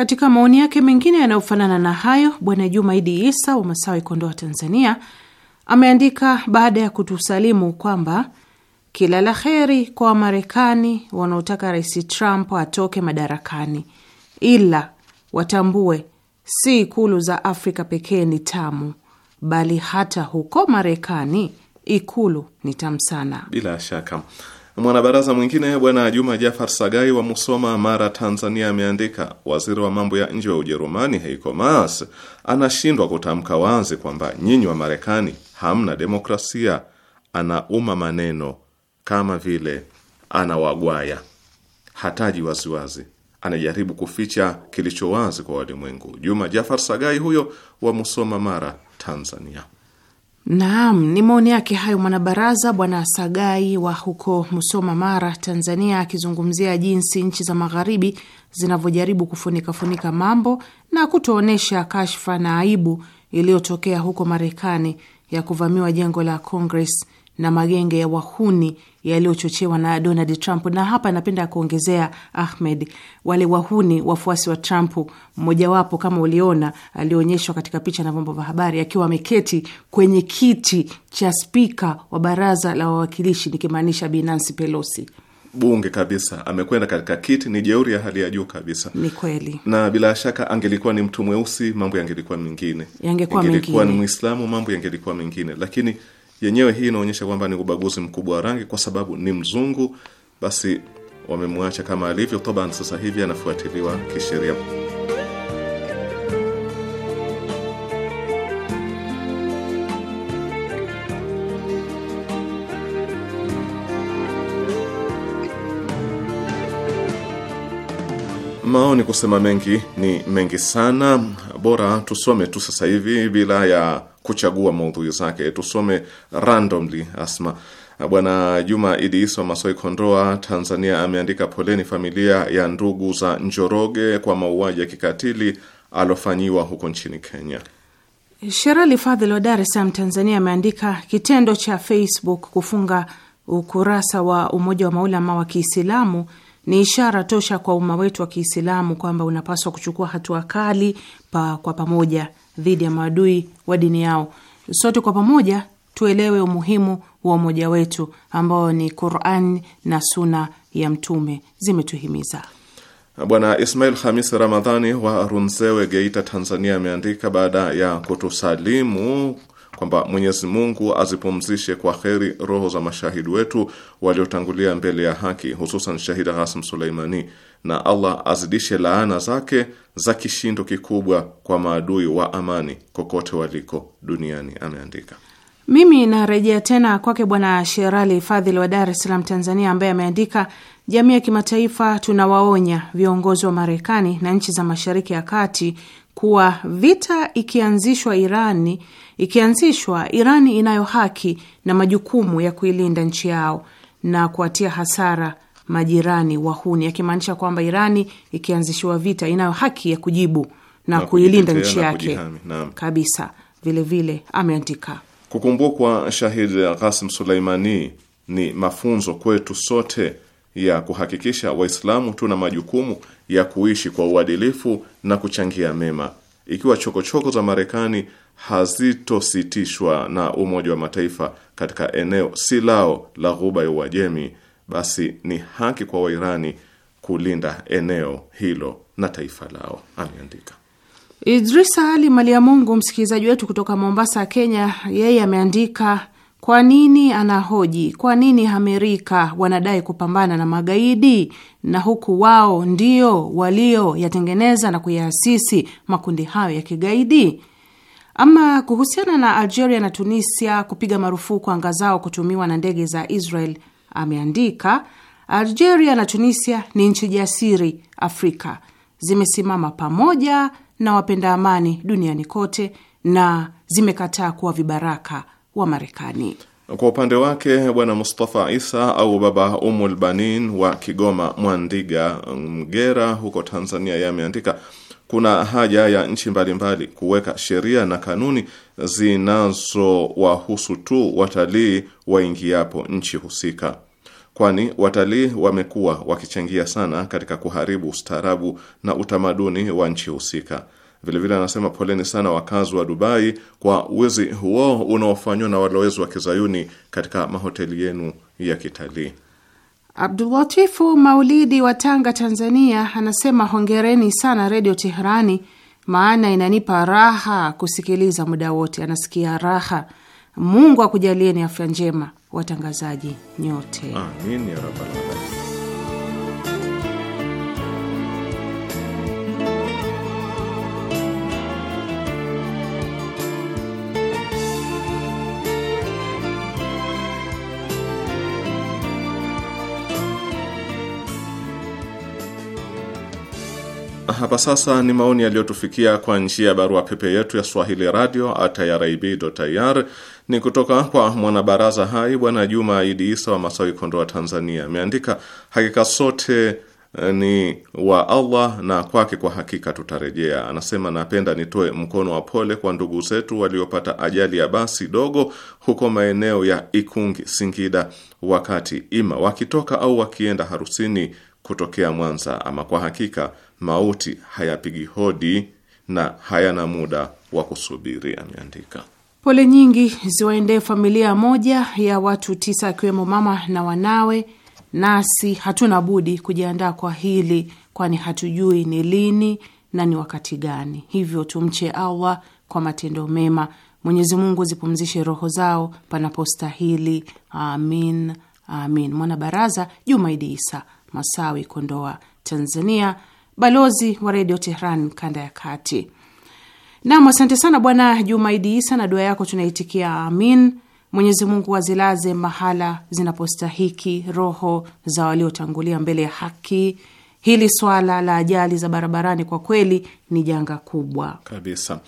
Katika maoni yake mengine yanayofanana na hayo, Bwana Jumaidi Isa wa Masawi, Kondoa, Tanzania, ameandika baada ya kutusalimu kwamba kila la heri kwa Wamarekani wanaotaka Rais Trump atoke madarakani, ila watambue si ikulu za Afrika pekee ni tamu, bali hata huko Marekani ikulu ni tamu sana. Bila shaka Mwanabaraza mwingine Bwana Juma Jafar Sagai wa Musoma, Mara, Tanzania, ameandika waziri wa mambo ya nje wa Ujerumani Heiko Maas anashindwa kutamka wazi kwamba nyinyi wa Marekani hamna demokrasia. Anauma maneno kama vile anawagwaya, hataji waziwazi, anajaribu kuficha kilicho wazi kwa walimwengu. Juma Jafar Sagai huyo wa Musoma, Mara, Tanzania. Naam, ni maoni yake hayo mwanabaraza Bwana Sagai wa huko Musoma, Mara, Tanzania, akizungumzia jinsi nchi za magharibi zinavyojaribu kufunikafunika mambo na kutoonyesha kashfa na aibu iliyotokea huko Marekani ya kuvamiwa jengo la Congress na magenge ya wahuni yaliyochochewa na Donald Trump. Na hapa napenda kuongezea Ahmed, wale wahuni wafuasi wa Trump, mmojawapo kama uliona, alionyeshwa katika picha na vyombo vya habari akiwa ameketi kwenye kiti cha spika wa baraza la wawakilishi, nikimaanisha Bi Nancy Pelosi bunge kabisa, amekwenda katika kiti. Ni jeuri ya hali ya juu kabisa. Ni kweli, na bila shaka angelikuwa ni mtu mweusi, mambo yangelikuwa mengine, yangelikuwa ni Mwislamu, mambo yangelikuwa mengine, lakini yenyewe hii inaonyesha kwamba ni ubaguzi mkubwa wa rangi, kwa sababu ni mzungu, basi wamemwacha kama alivyo. Toban sasa hivi anafuatiliwa kisheria. Maoni kusema mengi ni mengi sana, bora tusome tu sasa hivi bila ya kuchagua maudhui zake. Tusome randomly Asma. Bwana Juma Idi Isa Masoi, Kondoa, Tanzania, ameandika poleni familia ya ndugu za Njoroge kwa mauaji ya kikatili alofanyiwa huko nchini Kenya. Sherali Fadhil wa Dar es Salaam, Tanzania, ameandika kitendo cha Facebook kufunga ukurasa wa Umoja wa Maulama wa Kiislamu ni ishara tosha kwa umma wetu wa Kiislamu kwamba unapaswa kuchukua hatua kali pa kwa pamoja dhidi ya maadui wa dini yao. Sote kwa pamoja tuelewe umuhimu wa umoja wetu ambao ni Qurani na Suna ya Mtume zimetuhimiza. Bwana Ismail Hamis Ramadhani wa Runzewe, Geita, Tanzania, ameandika baada ya kutusalimu kwamba Mwenyezi Mungu azipumzishe kwa kheri roho za mashahidi wetu waliotangulia mbele ya haki, hususan shahida Hasim Suleimani, na Allah azidishe laana zake za kishindo kikubwa kwa maadui wa amani kokote waliko duniani, ameandika. Mimi narejea tena kwake Bwana Sherali Fadhili wa Dar es Salaam, Tanzania, ambaye ameandika: jamii ya kimataifa, tunawaonya viongozi wa Marekani na nchi za Mashariki ya Kati kuwa vita ikianzishwa Irani ikianzishwa Irani inayo haki na majukumu ya kuilinda nchi yao na kuwatia hasara majirani wahuni, akimaanisha kwamba Irani ikianzishiwa vita inayo haki ya kujibu na, na kuilinda nchi yake kabisa. Vilevile ameandika kukumbukwa shahid Qasim Suleimani ni mafunzo kwetu sote ya kuhakikisha Waislamu tuna majukumu ya kuishi kwa uadilifu na kuchangia mema. Ikiwa chokochoko choko za Marekani hazitositishwa na Umoja wa Mataifa katika eneo si lao la Ghuba ya Uajemi, basi ni haki kwa Wairani kulinda eneo hilo na taifa lao, ameandika Idrisa Ali Maliamungu, msikilizaji wetu kutoka Mombasa, Kenya. Yeye ameandika kwa nini anahoji, kwa nini Amerika wanadai kupambana na magaidi na huku wao ndio walioyatengeneza na kuyaasisi makundi hayo ya kigaidi? Ama kuhusiana na Algeria na Tunisia kupiga marufuku anga zao kutumiwa na ndege za Israel, ameandika Algeria na Tunisia ni nchi jasiri Afrika, zimesimama pamoja na wapenda amani duniani kote na zimekataa kuwa vibaraka wa Marekani. Kwa upande wake Bwana Mustafa Isa au Baba Umul Banin wa Kigoma Mwandiga, Mgera huko Tanzania, yameandika kuna haja ya nchi mbalimbali kuweka sheria na kanuni zinazowahusu tu watalii waingiapo nchi husika, kwani watalii wamekuwa wakichangia sana katika kuharibu ustaarabu na utamaduni wa nchi husika. Vilevile anasema poleni sana wakazi wa Dubai kwa wizi huo unaofanywa na walowezi wa kizayuni katika mahoteli yenu ya kitalii. Abdulatifu Maulidi wa Tanga, Tanzania, anasema hongereni sana Redio Teherani, maana inanipa raha kusikiliza muda wote, anasikia raha. Mungu akujalieni afya njema watangazaji nyote, amin ya rabbal alamin. hapa sasa ni maoni yaliyotufikia kwa njia ya barua pepe yetu ya swahili radio irib.ir. Ni kutoka kwa mwanabaraza hai Bwana Juma Idi Isa wa Masawi, Kondoa, Tanzania. Ameandika, hakika sote eh, ni wa Allah na kwake kwa hakika tutarejea. Anasema, napenda nitoe mkono wa pole kwa ndugu zetu waliopata ajali ya basi dogo huko maeneo ya Ikungi, Singida, wakati ima wakitoka au wakienda harusini kutokea Mwanza. Ama kwa hakika mauti hayapigi hodi na hayana muda wa kusubiri, ameandika. Pole nyingi ziwaendee familia moja ya watu tisa, akiwemo mama na wanawe. Nasi hatuna budi kujiandaa kwa hili, kwani hatujui ni lini na ni wakati gani. Hivyo tumche Allah kwa matendo mema. Mwenyezi Mungu zipumzishe roho zao panapostahili, amin amin. baraza Jumaidi Isa Masawi, Kondoa, Tanzania balozi wa redio Tehran kanda ya kati. Nam, asante sana Bwana Jumaidi Isa, na dua yako tunaitikia amin. Mwenyezi Mungu azilaze mahala zinapostahiki roho za waliotangulia mbele ya haki. Hili swala la ajali za barabarani kwa kweli ni janga kubwa kabisa.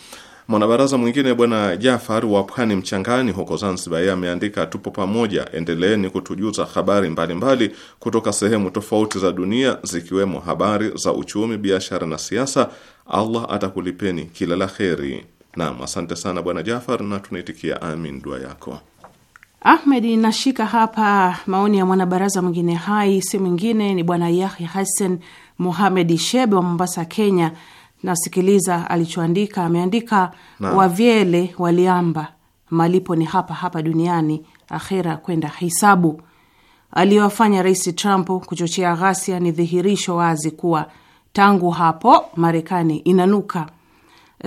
Mwanabaraza mwingine Bwana Jafar wa Pwani Mchangani huko Zanzibar, yeye ameandika tupo pamoja, endeleeni kutujuza habari mbalimbali mbali kutoka sehemu tofauti za dunia zikiwemo habari za uchumi, biashara na siasa. Allah atakulipeni kila la heri. Naam, asante sana Bwana Jafar na tunaitikia amin dua yako. Ahmed, nashika hapa maoni ya mwanabaraza mwingine hai, si mwingine ni Bwana Yahya Hassan muhamedi Shebe wa Mombasa, Kenya nasikiliza alichoandika. Ameandika na, wavyele waliamba, malipo ni hapa hapa duniani, akhera kwenda hisabu. Aliyowafanya Rais Trump kuchochea ghasia ni dhihirisho wazi kuwa tangu hapo Marekani inanuka.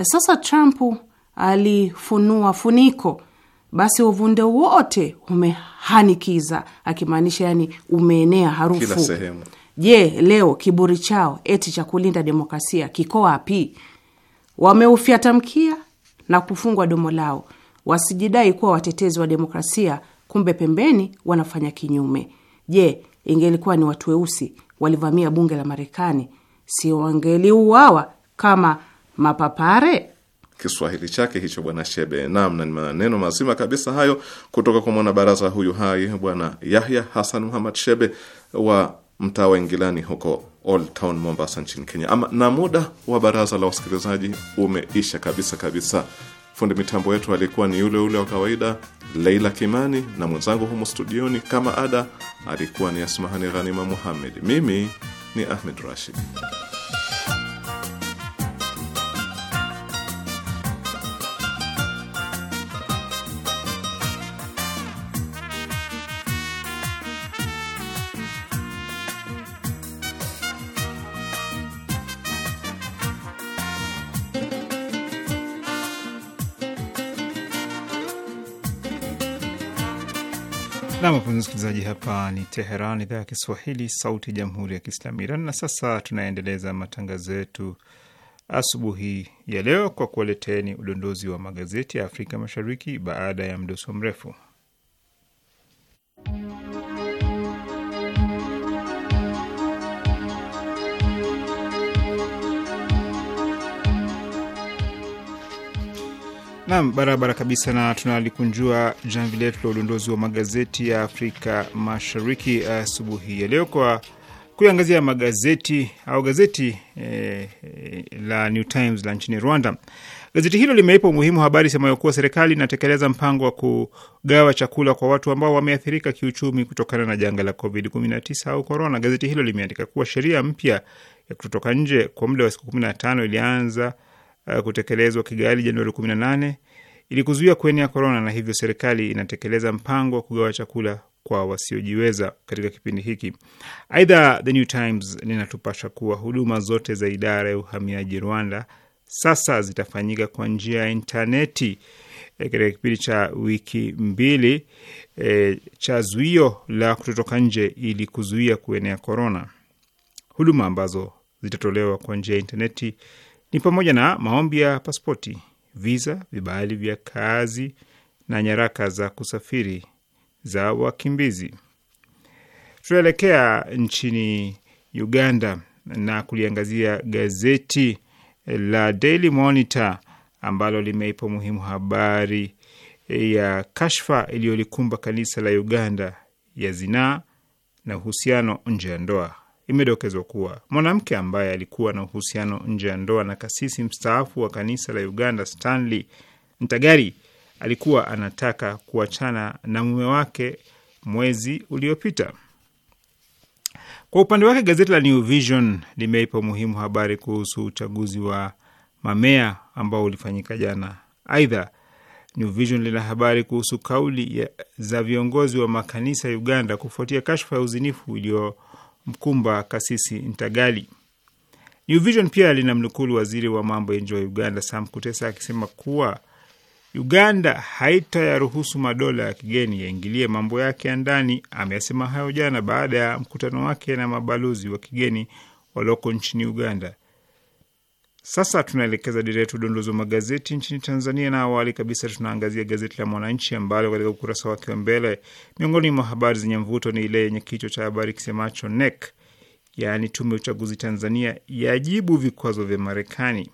Sasa Trump alifunua funiko, basi uvunde wote umehanikiza, akimaanisha yani umeenea harufu kila sehemu. Je, leo kiburi chao eti cha kulinda demokrasia kiko wapi? Wameufyatamkia na kufungwa domo lao, wasijidai kuwa watetezi wa demokrasia, kumbe pembeni wanafanya kinyume. Je, ingelikuwa ni watu weusi walivamia bunge la Marekani, si wangeliuawa kama mapapare? Kiswahili chake hicho Bwana Shebe. Naam, na ni maneno mazima kabisa hayo kutoka kwa mwanabaraza huyu hai Bwana Yahya Hasan Muhamad Shebe wa mtaa wa Ingilani huko Old Town Mombasa nchini Kenya. Ama, na muda wa baraza la wasikilizaji umeisha kabisa kabisa. Fundi mitambo yetu alikuwa ni yule yule wa kawaida Leila Kimani, na mwenzangu humo studioni kama ada alikuwa ni Asmahani Ghanima Muhammed. Mimi ni Ahmed Rashid. Nam, wapenzi msikilizaji, hapa ni Teheran, idhaa ya Kiswahili, sauti ya jamhuri ya kiislamu Iran. Na sasa tunaendeleza matangazo yetu asubuhi ya leo kwa kuwaleteni udondozi wa magazeti ya Afrika Mashariki baada ya mdoso mrefu Nam, barabara kabisa, na tunalikunjua jamvi letu la udondozi wa magazeti ya Afrika Mashariki eh, asubuhi ya leo kwa kuiangazia magazeti au gazeti eh, la New Times la nchini Rwanda. Gazeti hilo limeipa umuhimu habari semayo kuwa serikali inatekeleza mpango wa kugawa chakula kwa watu ambao wameathirika kiuchumi kutokana na janga la COVID-19 au korona. Gazeti hilo limeandika kuwa sheria mpya ya kutotoka nje kwa muda wa siku 15 ilianza Eh, kutekelezwa Kigali Januari 18 ili kuzuia kuenea korona, na hivyo serikali inatekeleza mpango wa kugawa chakula kwa wasiojiweza katika kipindi hiki. Aidha, The New Times linatupasha kuwa huduma zote za idara ya uhamiaji Rwanda sasa zitafanyika kwa njia ya intaneti eh, katika kipindi cha wiki mbili e, cha zuio la kutotoka nje ili kuzuia kuenea korona. Huduma ambazo zitatolewa kwa njia ya intaneti ni pamoja na maombi ya pasipoti, viza, vibali vya kazi na nyaraka za kusafiri za wakimbizi. Tunaelekea nchini Uganda na kuliangazia gazeti la Daily Monitor ambalo limeipa umuhimu habari ya kashfa iliyolikumba kanisa la Uganda ya zinaa na uhusiano nje ya ndoa imedokezwa kuwa mwanamke ambaye alikuwa na uhusiano nje ya ndoa na kasisi mstaafu wa kanisa la Uganda Stanley Ntagari alikuwa anataka kuachana na mume wake mwezi uliopita. Kwa upande wake, gazeti la New Vision limeipa umuhimu habari kuhusu uchaguzi wa mamea ambao ulifanyika jana. Aidha, New Vision lina habari kuhusu kauli za viongozi wa makanisa ya Uganda kufuatia kashfa ya uzinifu iliyo mkumba Kasisi Ntagali. New Vision pia linamnukulu waziri wa mambo ya nje wa Uganda Sam Kutesa akisema kuwa Uganda haitayaruhusu madola ya kigeni yaingilie mambo yake ya ndani. Ameyasema hayo jana baada ya mkutano wake na mabalozi wa kigeni walioko nchini Uganda. Sasa tunaelekeza dira yetu udondozi wa magazeti nchini Tanzania, na awali kabisa tunaangazia gazeti la Mwananchi ambalo katika ukurasa wake wa mbele miongoni mwa habari zenye mvuto ni ile yenye kichwa cha habari kisemacho NEC, yaani tume ya uchaguzi Tanzania yajibu vikwazo vya Marekani.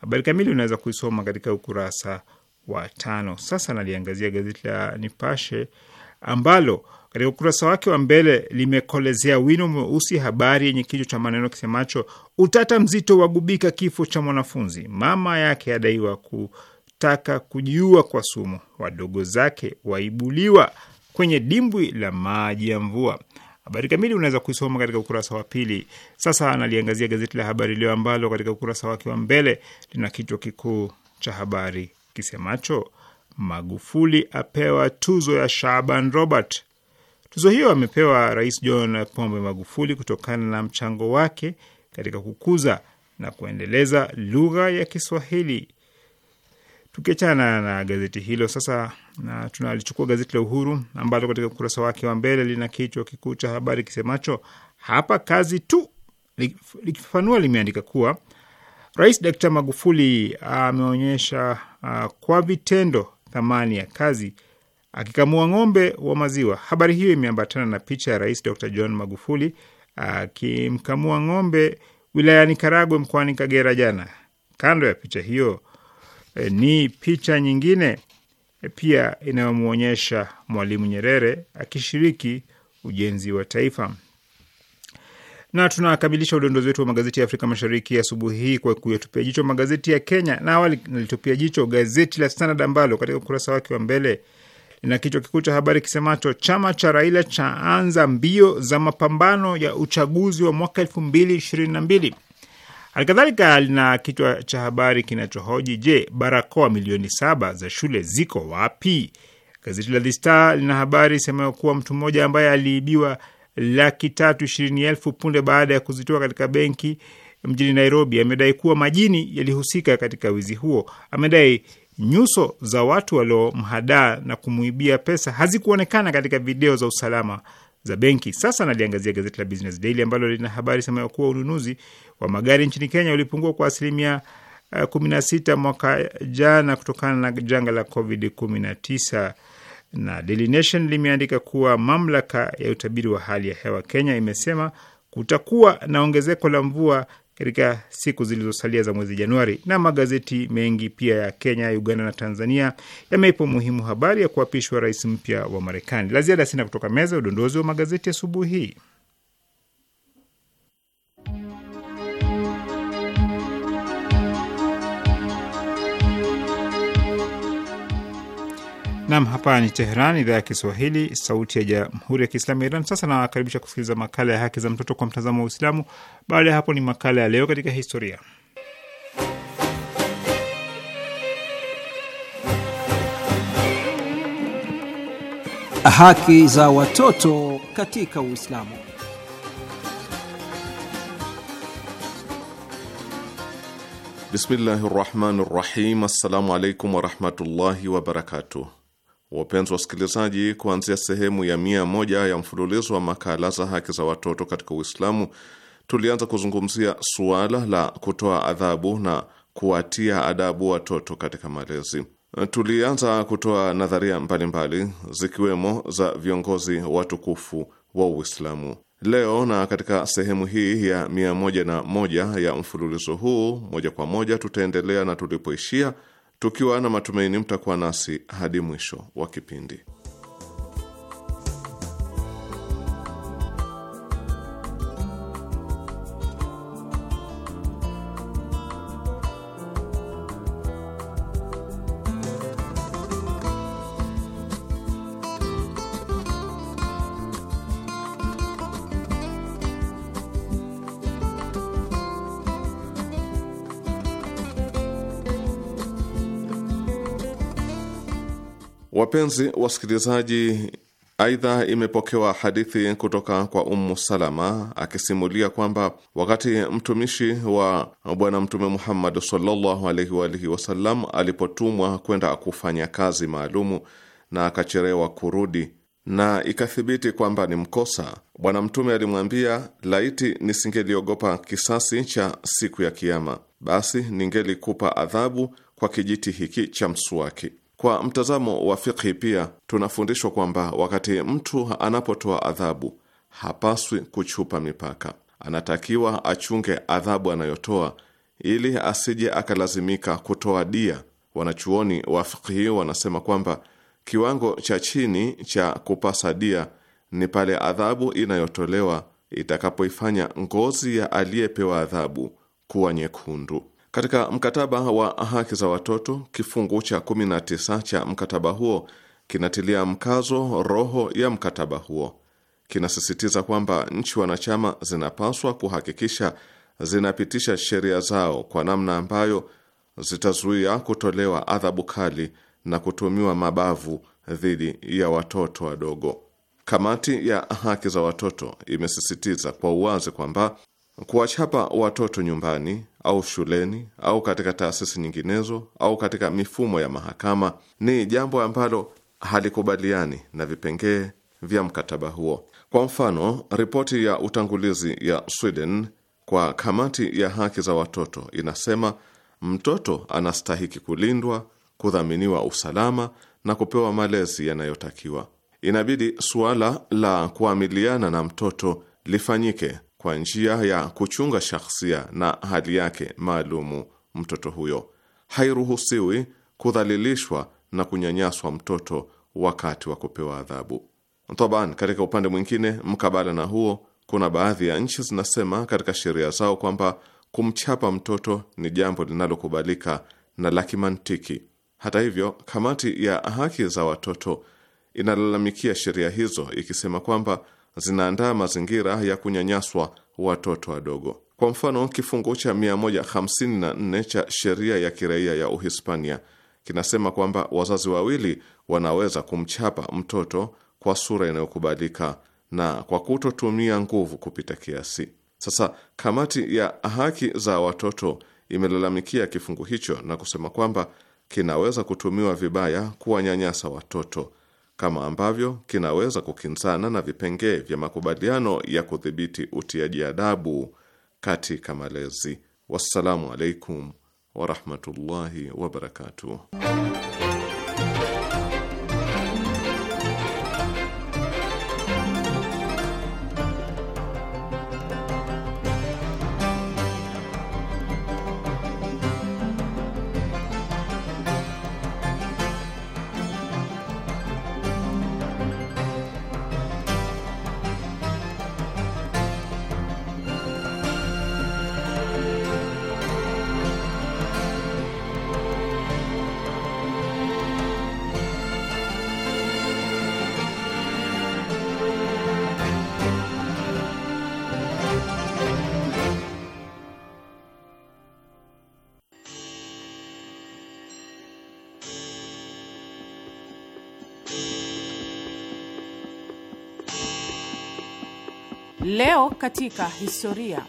Habari kamili unaweza kuisoma katika ukurasa wa tano. Sasa naliangazia gazeti la Nipashe ambalo katika ukurasa wake wa mbele limekolezea wino mweusi habari yenye kichwa cha maneno kisemacho utata mzito wagubika kifo cha mwanafunzi, mama yake adaiwa kutaka kujiua kwa sumu, wadogo zake waibuliwa kwenye dimbwi la maji ya mvua. Habari kamili unaweza kuisoma katika ukurasa wa pili. Sasa analiangazia gazeti la Habari Leo ambalo katika ukurasa wake wa mbele lina kichwa kikuu cha habari kisemacho Magufuli apewa tuzo ya Shaban Robert. Tuzo hiyo amepewa Rais John Pombe Magufuli kutokana na mchango wake katika kukuza na kuendeleza lugha ya Kiswahili. Tukiachana na gazeti hilo sasa, na tunalichukua gazeti la Uhuru ambalo katika ukurasa wake wa mbele lina kichwa kikuu cha habari kisemacho hapa kazi tu. Likifafanua, limeandika kuwa Rais Dkt Magufuli ameonyesha uh, kwa vitendo thamani ya kazi akikamua ng'ombe wa maziwa. Habari hiyo imeambatana na picha ya Rais Dr John Magufuli akimkamua ng'ombe wilayani Karagwe mkoani Kagera jana. Kando ya picha hiyo e, ni picha nyingine e, pia inayomwonyesha Mwalimu Nyerere akishiriki ujenzi wa taifa na tunakamilisha udondozi wetu wa magazeti ya Afrika Mashariki asubuhi hii kwa kuyatupia jicho magazeti ya Kenya, na awali nalitupia jicho gazeti la Standard ambalo katika ukurasa wake wa mbele lina kichwa kikuu cha habari kisemacho chama cha Raila chaanza mbio za mapambano ya uchaguzi wa mwaka elfu mbili ishirini na mbili. Halikadhalika lina kichwa cha habari kinachohoji je, barakoa milioni saba za shule ziko wapi? Gazeti la The Star lina habari isemayo kuwa mtu mmoja ambaye aliibiwa laki tatu ishirini elfu punde baada ya kuzitoa katika benki mjini Nairobi. Amedai kuwa majini yalihusika katika wizi huo. Amedai nyuso za watu waliomhadaa na kumuibia pesa hazikuonekana katika video za usalama za benki. Sasa naliangazia gazeti la Business Daily ambalo lina habari sema kuwa ununuzi wa magari nchini Kenya ulipungua kwa asilimia 16 eh, mwaka jana kutokana na janga la COVID 19 na Daily Nation limeandika kuwa mamlaka ya utabiri wa hali ya hewa Kenya imesema kutakuwa na ongezeko la mvua katika siku zilizosalia za mwezi Januari. Na magazeti mengi pia ya Kenya, Uganda na Tanzania yameipa umuhimu habari ya kuapishwa rais mpya wa Marekani. La ziada sina kutoka meza udondozi wa magazeti asubuhi hii. Nam, hapa ni Teheran, idhaa ya Kiswahili, sauti ya jamhuri ya kiislamu ya Iran. Sasa nawakaribisha kusikiliza makala ya haki za mtoto kwa mtazamo wa Uislamu. Baada ya hapo ni makala ya leo katika historia. Haki za watoto katika Uislamu. Bismillahi rahmani rahim. Assalamu alaikum warahmatullahi wabarakatuh. Wapenzi wasikilizaji, kuanzia sehemu ya mia moja ya mfululizo wa makala za haki za watoto katika Uislamu tulianza kuzungumzia suala la kutoa adhabu na kuwatia adabu watoto katika malezi. Tulianza kutoa nadharia mbalimbali zikiwemo za viongozi watukufu wa Uislamu. Leo na katika sehemu hii ya mia moja na moja ya mfululizo huu, moja kwa moja tutaendelea na tulipoishia tukiwa na matumaini mtakuwa nasi hadi mwisho wa kipindi. Wapenzi wasikilizaji, aidha imepokewa hadithi kutoka kwa Ummu Salama akisimulia kwamba wakati mtumishi wa Bwana Mtume Muhammad sallallahu alaihi wa alihi wasallam alipotumwa kwenda kufanya kazi maalumu na akacherewa kurudi na ikathibiti kwamba ni mkosa, Bwana Mtume alimwambia, laiti nisingeliogopa kisasi cha siku ya Kiama, basi ningelikupa adhabu kwa kijiti hiki cha msuwaki. Kwa mtazamo wa fikhi, pia tunafundishwa kwamba wakati mtu anapotoa adhabu hapaswi kuchupa mipaka, anatakiwa achunge adhabu anayotoa ili asije akalazimika kutoa dia. Wanachuoni wa fikhi wanasema kwamba kiwango cha chini cha kupasa dia ni pale adhabu inayotolewa itakapoifanya ngozi ya aliyepewa adhabu kuwa nyekundu. Katika mkataba wa haki za watoto, kifungu cha 19 cha mkataba huo kinatilia mkazo roho ya mkataba huo. Kinasisitiza kwamba nchi wanachama zinapaswa kuhakikisha zinapitisha sheria zao kwa namna ambayo zitazuia kutolewa adhabu kali na kutumiwa mabavu dhidi ya watoto wadogo. Kamati ya haki za watoto imesisitiza kwa uwazi kwamba kuwachapa watoto nyumbani au shuleni au katika taasisi nyinginezo au katika mifumo ya mahakama ni jambo ambalo halikubaliani na vipengee vya mkataba huo. Kwa mfano, ripoti ya utangulizi ya Sweden kwa kamati ya haki za watoto inasema mtoto anastahiki kulindwa, kudhaminiwa usalama na kupewa malezi yanayotakiwa. Inabidi suala la kuamiliana na mtoto lifanyike kwa njia ya kuchunga shakhsia na hali yake maalumu mtoto huyo. Hairuhusiwi kudhalilishwa na kunyanyaswa mtoto wakati wa kupewa adhabu. Taban, katika upande mwingine mkabala na huo, kuna baadhi ya nchi zinasema katika sheria zao kwamba kumchapa mtoto ni jambo linalokubalika na la kimantiki. Hata hivyo, kamati ya haki za watoto inalalamikia sheria hizo ikisema kwamba zinaandaa mazingira ya kunyanyaswa watoto wadogo. Kwa mfano, kifungu cha 154 cha sheria ya kiraia ya Uhispania kinasema kwamba wazazi wawili wanaweza kumchapa mtoto kwa sura inayokubalika na kwa kutotumia nguvu kupita kiasi. Sasa kamati ya haki za watoto imelalamikia kifungu hicho na kusema kwamba kinaweza kutumiwa vibaya kuwanyanyasa watoto kama ambavyo kinaweza kukinzana na vipengee vya makubaliano ya kudhibiti utiaji adabu katika malezi. Wassalamu alaikum warahmatullahi wabarakatuh. Leo katika historia.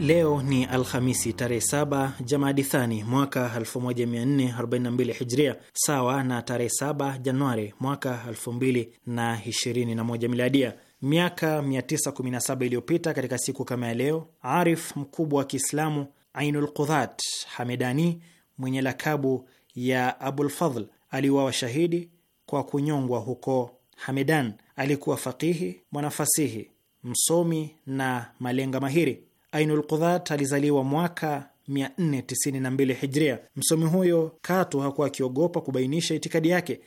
Leo ni Alhamisi tarehe 7 Jamadi Thani mwaka 1442 Hijria, sawa na tarehe 7 Januari mwaka 2021 Miladia. Miaka 917 iliyopita katika siku kama ya leo, arif mkubwa wa Kiislamu Ainul Qudhat Hamedani mwenye lakabu ya Abulfadhl aliuawa shahidi kwa kunyongwa huko Hamedan. Alikuwa faqihi, mwanafasihi, msomi na malenga mahiri. Ainul Qudhat alizaliwa mwaka 492 Hijria. Msomi huyo katu hakuwa akiogopa kubainisha itikadi yake.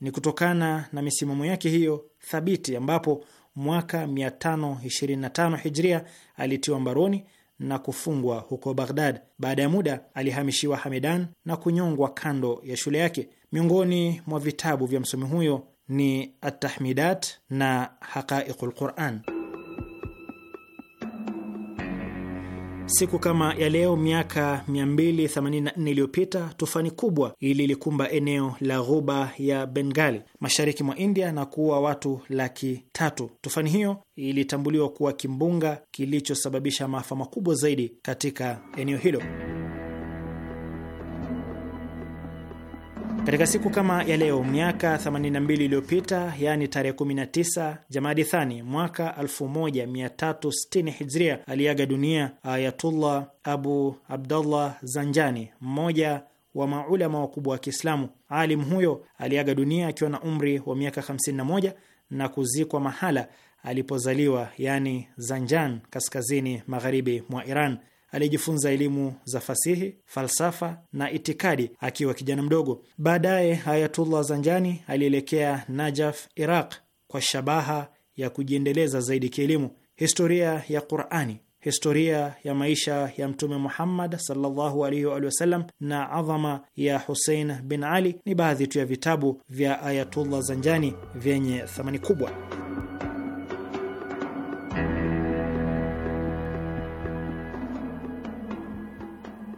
Ni kutokana na misimamo yake hiyo thabiti ambapo mwaka 525 Hijria alitiwa mbaroni na kufungwa huko Baghdad. Baada ya muda, alihamishiwa Hamedan na kunyongwa kando ya shule yake. Miongoni mwa vitabu vya msomi huyo ni Atahmidat na Haqaiqul Quran. Siku kama ya leo miaka 284 iliyopita tufani kubwa ililikumba eneo la ghuba ya Bengali mashariki mwa India na kuua watu laki tatu. Tufani hiyo ilitambuliwa kuwa kimbunga kilichosababisha maafa makubwa zaidi katika eneo hilo. Katika siku kama ya leo miaka 82 iliyopita, yaani tarehe 19 Jamadi Thani mwaka 1360 Hijria, aliaga dunia Ayatullah Abu Abdallah Zanjani, mmoja wa maulama wakubwa wa Kiislamu. Alim huyo aliaga dunia akiwa na umri wa miaka 51 na kuzikwa mahala alipozaliwa, yaani Zanjan, kaskazini magharibi mwa Iran aliyejifunza elimu za fasihi, falsafa na itikadi akiwa kijana mdogo. Baadaye Ayatullah Zanjani alielekea Najaf, Iraq, kwa shabaha ya kujiendeleza zaidi kielimu. Historia ya Qurani, historia ya maisha ya Mtume Muhammad sallallahu alaihi wa sallam na adhama ya Husein bin Ali ni baadhi tu ya vitabu vya Ayatullah Zanjani vyenye thamani kubwa.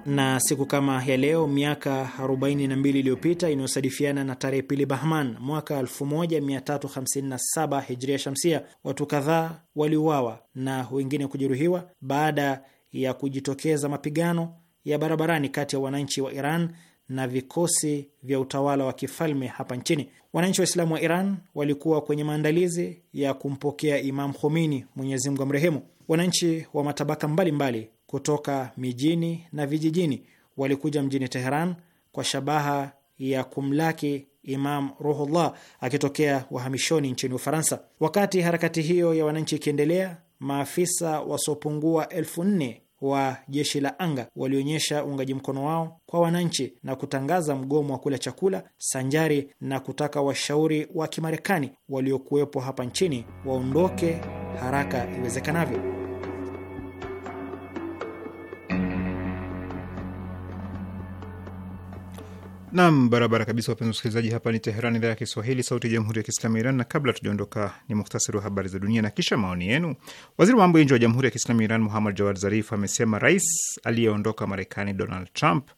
na siku kama ya leo miaka 42 iliyopita inayosadifiana na tarehe pili Bahman mwaka 1357 hijria shamsia, watu kadhaa waliuawa na wengine kujeruhiwa baada ya kujitokeza mapigano ya barabarani kati ya wananchi wa Iran na vikosi vya utawala wa kifalme hapa nchini. Wananchi wa islamu wa Iran walikuwa kwenye maandalizi ya kumpokea Imam Khomeini, Mwenyezi Mungu amrehemu. Wananchi wa matabaka mbalimbali mbali kutoka mijini na vijijini walikuja mjini Teheran kwa shabaha ya kumlaki Imam Ruhullah akitokea uhamishoni nchini Ufaransa. Wakati harakati hiyo ya wananchi ikiendelea, maafisa wasiopungua elfu nne wa jeshi la anga walionyesha uungaji mkono wao kwa wananchi na kutangaza mgomo wa kula chakula sanjari na kutaka washauri wa Kimarekani waliokuwepo hapa nchini waondoke haraka iwezekanavyo. Nam, barabara kabisa, wapenzi wasikilizaji, hapa ni Teheran, idhaa ya Kiswahili, sauti ya jamhuri ya kiislamu ya Iran. Na kabla tujaondoka, ni muhtasari wa habari za dunia na kisha maoni yenu. Waziri wa mambo ya nje wa jamhuri ya kiislamu ya Iran, Muhammad Jawad Zarif, amesema rais aliyeondoka Marekani Donald Trump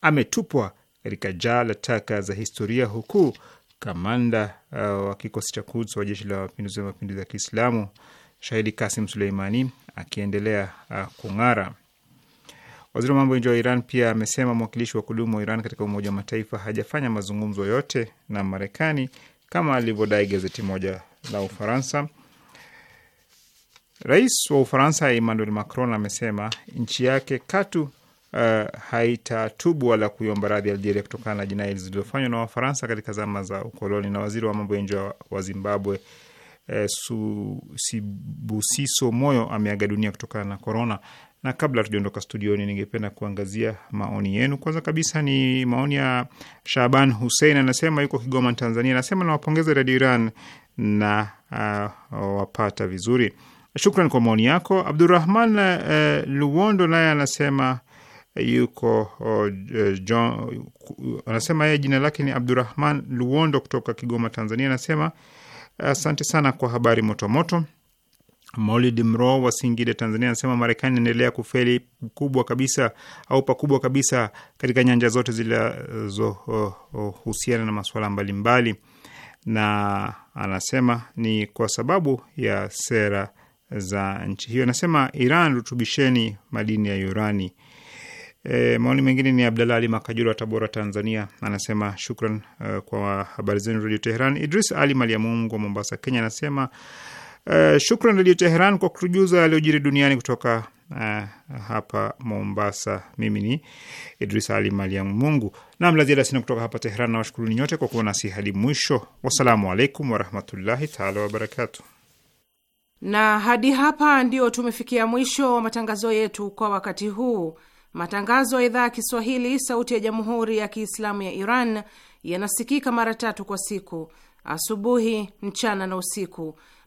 ametupwa katika jaa la taka za historia, huku kamanda uh, wa kikosi cha Kuds wa jeshi la mapinduzi ya mapinduzi ya Kiislamu shahidi Kasim Suleimani akiendelea uh, kung'ara. Waziri wa mambo nje wa Iran pia amesema mwakilishi wa kudumu wa Iran katika Umoja wa Mataifa hajafanya mazungumzo yote na Marekani kama alivyodai gazeti moja la Ufaransa. Rais wa Ufaransa Emmanuel Macron amesema nchi yake katu uh, haitatubu wala kuiomba radhi Algeria kutokana na jinai zilizofanywa na Wafaransa katika zama za ukoloni. Na waziri wa mambo ya nje wa Zimbabwe eh, Sibusiso Moyo ameaga dunia kutokana na korona na kabla tujaondoka studioni, ningependa kuangazia maoni yenu. Kwanza kabisa ni maoni ya Shaban Hussein, anasema yuko Kigoma, Tanzania. Anasema nawapongeza radio Iran na uh, wapata vizuri. Shukran kwa maoni yako. Abdurahman uh, Luwondo naye anasema yuko uh, John, anasema yeye jina lake ni Abdurahman Luwondo kutoka Kigoma, Tanzania. Anasema asante uh, sana kwa habari motomoto -moto. Maulid Mro wa Singida, Tanzania, anasema Marekani inaendelea kufeli kubwa kabisa au pakubwa kabisa katika nyanja zote zilizohusiana na masuala mbalimbali, na anasema ni kwa sababu ya sera za nchi hiyo. Anasema Iran, rutubisheni madini ya urani. E, maoni mengine ni Abdalah Ali Makajura wa Tabora, Tanzania, anasema shukran uh, kwa habari zenu Redio Teheran. Idris Ali Maliamungu wa Mombasa, Kenya, anasema Uh, shukran Radio Teheran kwa kutujuza yaliyojiri duniani kutoka uh, hapa Mombasa. Mimi ni Idris Ali Maliam Mungu na laziada sina kutoka hapa Teheran na washukuruni nyote kwa kuwa nasi hadi mwisho. Wassalamu alaikum warahmatullahi taala wabarakatu. Na hadi hapa ndio tumefikia mwisho wa matangazo yetu kwa wakati huu. Matangazo ya idhaa ya Kiswahili sauti ya jamhuri ya Kiislamu ya Iran yanasikika mara tatu kwa siku: asubuhi, mchana na usiku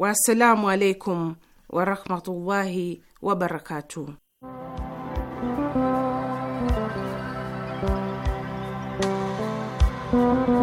Waassalamu alaikum warahmatullahi wabarakatuh.